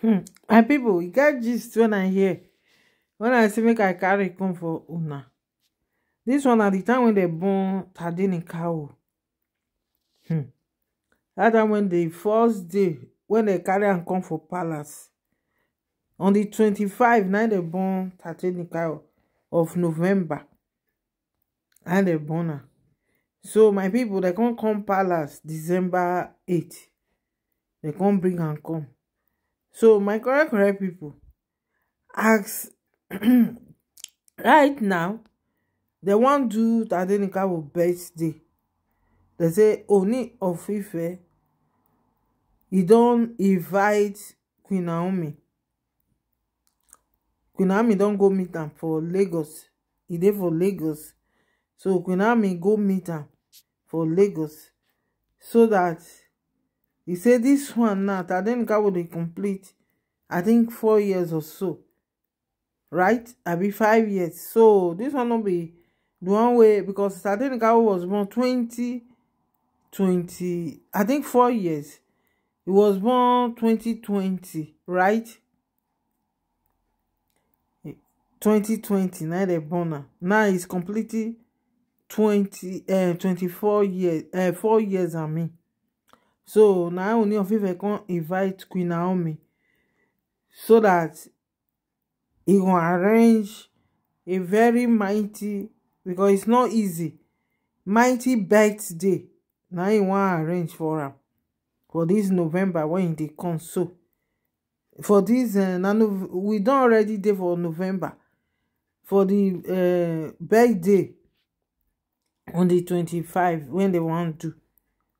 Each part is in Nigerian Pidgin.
Hmm. my people, you get gist when i hear when i say make i carry come for una This one at the time when they born in cow hmm dat time wen di first day when they carry and come for palace on di 25 Now they born in cow of november And they born am so my people they can't come palace december 8 They can't bring and come so my correct correct pipo ask right now dem wan do tadenikawo birthday They say only of ife e don invite queen naomi queen naomi don go meet am for lagos He there for lagos so queen naomi go meet am for lagos so that. He said this one now tadenika go dey complete i think four years or so right i be five years so this one no be the one way because I think tadenika was born 20 20 i think four years he was born 2020 right 2020 na dem born am now he's completing 20 uh, 24 years uh, four years i mean so na Naomi of Ife come invite Queen Naomi so that he go arrange a very mighty because it's not easy mighty birthday na him wan arrange for am for this november when e dey come so for this dis eh, na we don already dey for november for di eh, birthday on the twenty-five when they wan do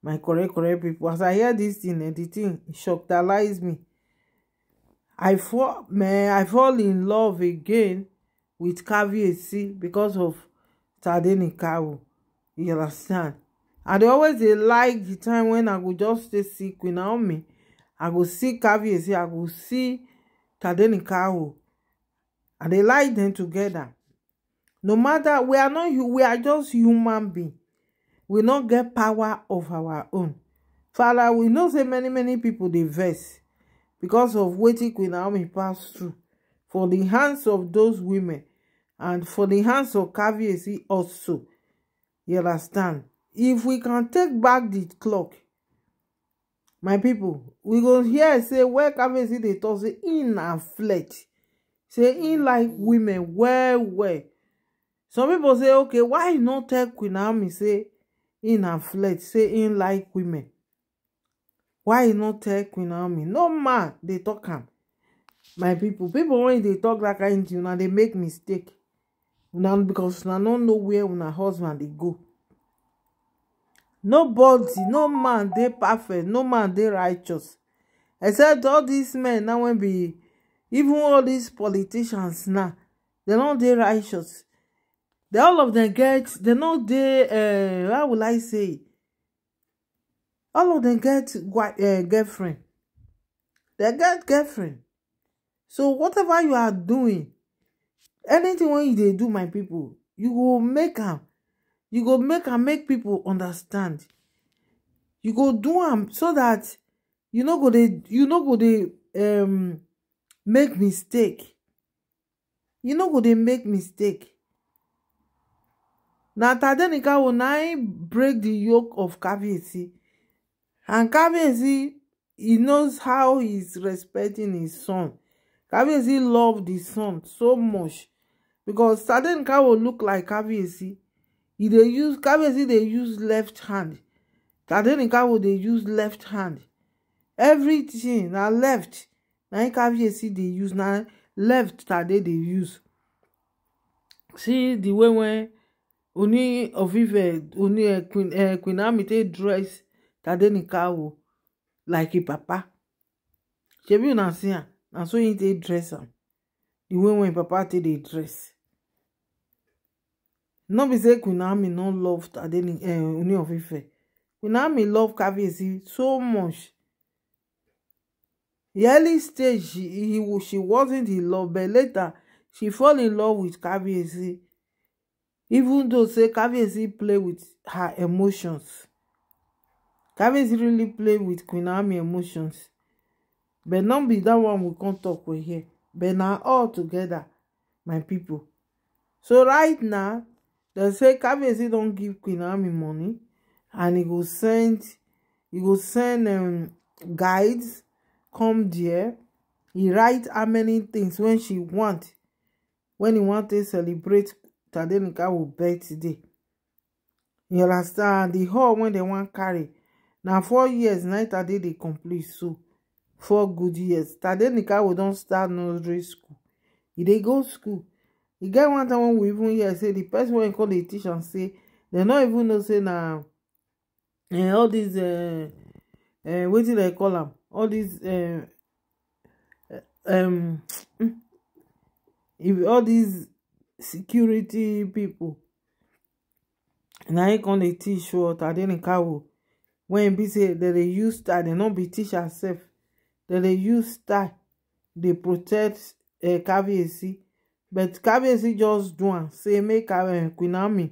my correct correct people. as i hear dis thing, and eh, di tin shocktalize me i fall man i fall in love again with caviarcy because of tadini kawo you understand i dey always dey like the time when i go just stay sick. queen naomi i go see caviarcy i go see tadini kawo i dey like them together. no matter we are not we are just human beings we no get power of our own father we know say many many people dey vex becos of waiting queen naomi pass through for the hands of those women and for the hands of caviarcy also you understand if we can take back the clock my people, we go hear say where caviarcy they toss say in and fled, say in like women where where. some people say okay why not no tell queen naomi say him afflict say him like women why e not tell queen naomi no man they talk. am my people, people when they talk tok dat kain tin una make mistake Now because una no know wia una husband they go nobody no man they perfect no man they righteous except all these men now when be even all these politicians now they no they righteous They all of them get They know dey uh, how will i say all of them get uh, girlfriend They get girlfriend so whatever you are doing anything when you dey do my people, you go make am you go make and make people understand you go do them so that you know go they. you know go they um make mistake you know go they make mistake na Tadenikawo na him break the yoke of Kabiyesi and Kabiyesi he knows how he's respecting his son Kabiyesi love the son so much because Tadenikawo look like Kabiyesi He dey use Kabiyesi dey use left hand Tadenikawo dey use left hand everything na left na him Kabiyesi dey use na left Tade dey use see the way when Oni Ovive, Oni eh, Queen, eh, Queen Amite dress Tadenikawo like him papa. Shebi una see am, na so he dey dress am. The way when papa take dey dress. No be say Queen Naomi no love Tadeni, eh, Oni of Ife. Queen love Kabiyesi so much. The early stage, he, he, she wasn't in love, but later, she fall in love with Kabiyesi even though say Kabiyesi play with her emotions Kabiyesi really play with Queen Naomi emotions but no be that one we come talk for here but na all together my people so right now dem say Kabiyesi don give Queen Naomi money and e go send e go send um, guides come there e write how many things wey she want when e wan take celebrate Dr. Adenuga will beg today. You understand? The whole when they want carry. Now four years, night a day they complete. So four good years. Today Tadenika will don't start nursery school. If they go school. The guy one time when we even hear say the person when call the teacher and say they not even know say now nah, eh, uh, all these uh, eh, uh eh, what did they call them? All these uh, um if all these security people na im come dey teach for tajinika wo wen e be say dem dey use tie dem no be teach sef dem dey use tie dey protect eh, kavehsi but kavehsi just do am say make eh, army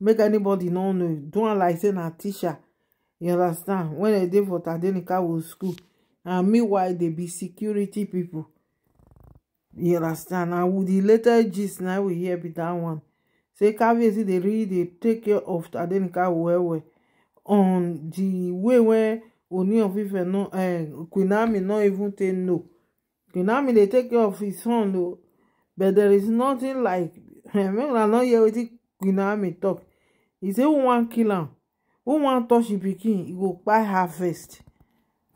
make anybody no do am like say na teacher you understand wen dem dey for tajinika wo school and meanwhile dey be security people. you understand and with the latest gist now we hear be that one say caviarcy they really dey take care of adenika well well on the way wey oni of ife no eh, queen ami no even take know queen ami dey take care of his son o but there is nothing like I una no hear wetin queen ami talk? He say who want kill him? who want touch im pikin He go buy her first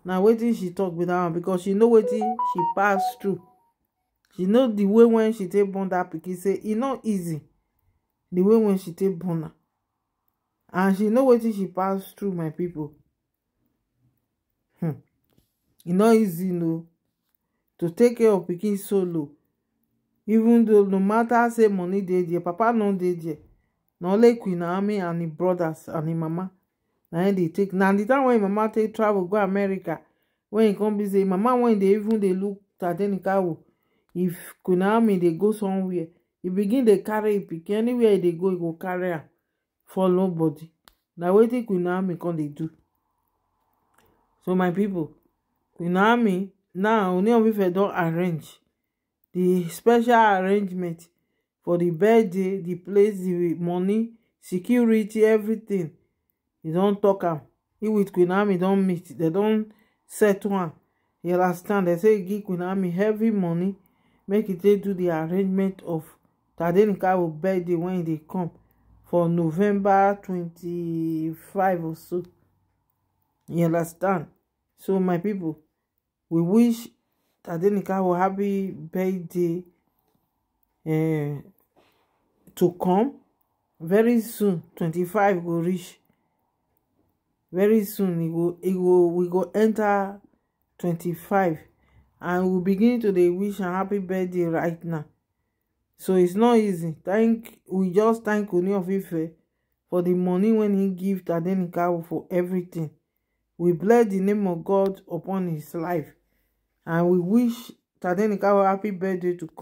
na wetin she talk with dat one becos she know wetin she pass through she know the way when she take born that pikin say e no easy the way when she take born am and she know wetin she pass through my people. hmm e no easy no to take care of pikin solo even though no matter say money dey there papa no dey there na only queen naomi and im brothers and im mama na im dey take na the time when im mama take travel go america when e come be say im mama wen dey even dey look tadenikawo if queen they go somewhere e begin dey carry e pikin anywhere e go e go carry am for nobody. Now wetin queen naomi come they do so my people, queen now only of ife don arrange the special arrangement for the birthday the place the money security everything e don't talk him. He with queen don't don meet dem don settle am you understand they say give queen heavy money make e take do the arrangement of tadenikawo birthday when e dey come for november twenty-five or so you understand so my people we wish tadenikawo happy birthday uh, to come very soon twenty-five go reach very soon e go e go we go enter twenty-five and we begin to the wish a happy birthday right now so it's not easy thank we just thank Ooni of Ife for the money when he give Tadenikawo for everything we bless the name of God upon his life and we wish Tadenikawo happy birthday to come.